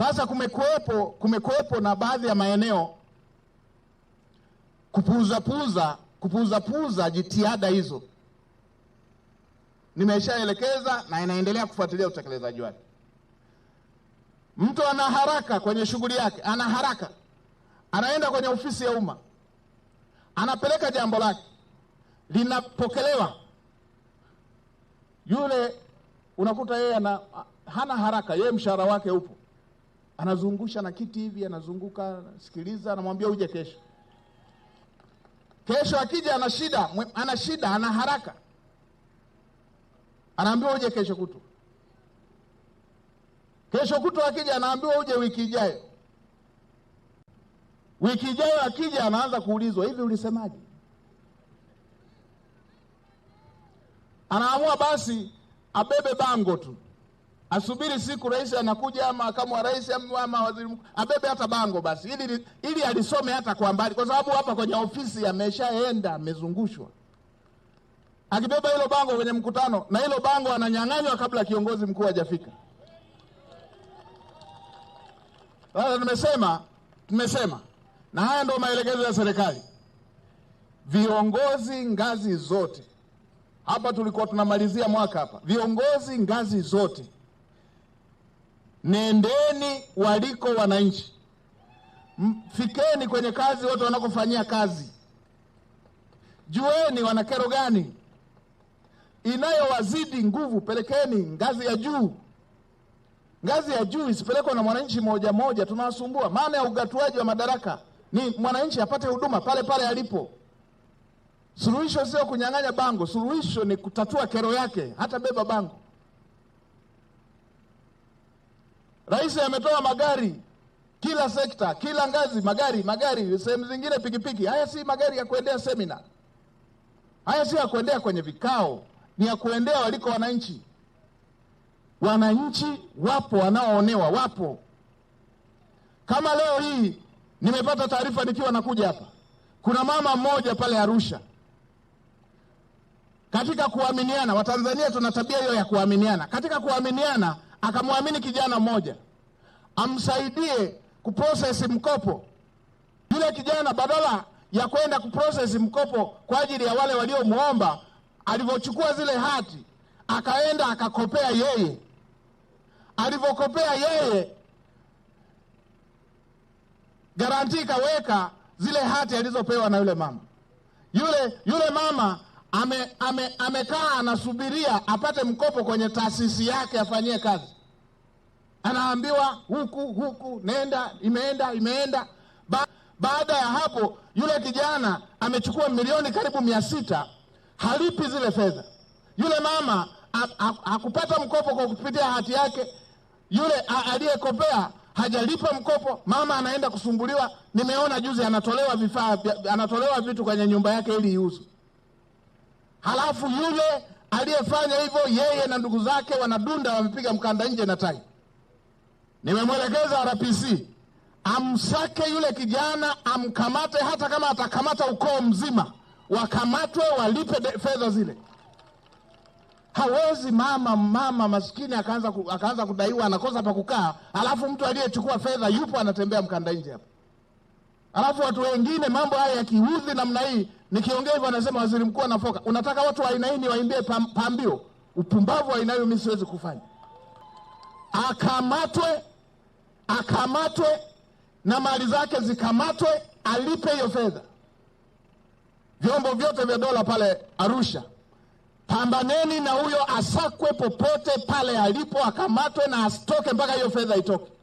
Sasa kumekuwepo kumekuwepo na baadhi ya maeneo kupuuzapuuza kupuuzapuuza jitihada hizo. Nimeshaelekeza na inaendelea kufuatilia utekelezaji wake. Mtu ana haraka kwenye shughuli yake, ana haraka, anaenda kwenye ofisi ya umma, anapeleka jambo lake, linapokelewa. Yule unakuta yeye hana haraka, yeye mshahara wake upo anazungusha na kiti hivi, anazunguka, sikiliza, anamwambia uje kesho. Kesho akija ana shida, ana shida, ana haraka, anaambiwa uje kesho kutu. Kesho kutu akija anaambiwa uje wiki ijayo. Wiki ijayo akija anaanza kuulizwa, hivi ulisemaje? Anaamua basi abebe bango tu asubiri siku rais anakuja ama makamu wa rais ama waziri mkuu abebe hata bango basi, ili ili alisome hata kwa mbali, kwa sababu hapa kwenye ofisi ameshaenda amezungushwa. Akibeba hilo bango kwenye mkutano, na hilo bango ananyang'anywa kabla kiongozi mkuu hajafika. Sasa tumesema tumesema, na haya ndio maelekezo ya serikali. Viongozi ngazi zote, hapa tulikuwa tunamalizia mwaka hapa, viongozi ngazi zote nendeni waliko wananchi, fikeni kwenye kazi wote wanakofanyia kazi, jueni wana kero gani inayowazidi nguvu, pelekeni ngazi ya juu. Ngazi ya juu isipelekwe na mwananchi moja moja, tunawasumbua. Maana ya ugatuaji wa madaraka ni mwananchi apate huduma pale pale alipo. Suluhisho sio kunyang'anya bango, suluhisho ni kutatua kero yake, hata beba bango. Rais ametoa magari kila sekta, kila ngazi, magari, magari, sehemu zingine pikipiki. Haya si magari ya kuendea semina, haya si ya kuendea kwenye vikao, ni ya kuendea waliko wananchi. Wananchi wapo, wanaoonewa wapo. Kama leo hii nimepata taarifa nikiwa nakuja hapa, kuna mama mmoja pale Arusha katika kuaminiana. Watanzania tuna tabia hiyo ya kuaminiana. Katika kuaminiana akamwamini kijana mmoja amsaidie kuprocess mkopo. Yule kijana badala ya kwenda kuprocess mkopo kwa ajili ya wale waliomwomba, alivyochukua zile hati akaenda akakopea yeye. Alivyokopea yeye, garanti ikaweka zile hati alizopewa na yule mama. Yule yule mama amekaa ame, anasubiria apate mkopo kwenye taasisi yake afanyie kazi, anaambiwa huku huku, nenda, imeenda imeenda. ba baada ya hapo, yule kijana amechukua milioni karibu mia sita, halipi zile fedha. Yule mama hakupata mkopo kwa kupitia hati yake, yule aliyekopea hajalipa mkopo. Mama anaenda kusumbuliwa. Nimeona juzi anatolewa vifaa, anatolewa vitu kwenye nyumba yake ili iuzwe halafu yule aliyefanya hivyo yeye na ndugu zake wanadunda wamepiga mkanda nje na tai. Nimemwelekeza RPC amsake yule kijana, amkamate, hata kama atakamata ukoo mzima, wakamatwe, walipe fedha zile. Hawezi mama mama maskini akaanza akaanza kudaiwa, anakosa pa kukaa, alafu mtu aliyechukua fedha yupo anatembea mkanda nje hapa. Alafu watu wengine mambo haya yakiudhi namna hii, nikiongea hivyo anasema waziri mkuu anafoka. Unataka watu wa aina hii niwaimbie pambio? Upumbavu wa aina hiyo mi siwezi kufanya. Akamatwe, akamatwe na mali zake zikamatwe, alipe hiyo fedha. Vyombo vyote vya dola pale Arusha, pambaneni na huyo, asakwe popote pale alipo, akamatwe na asitoke mpaka hiyo fedha itoke.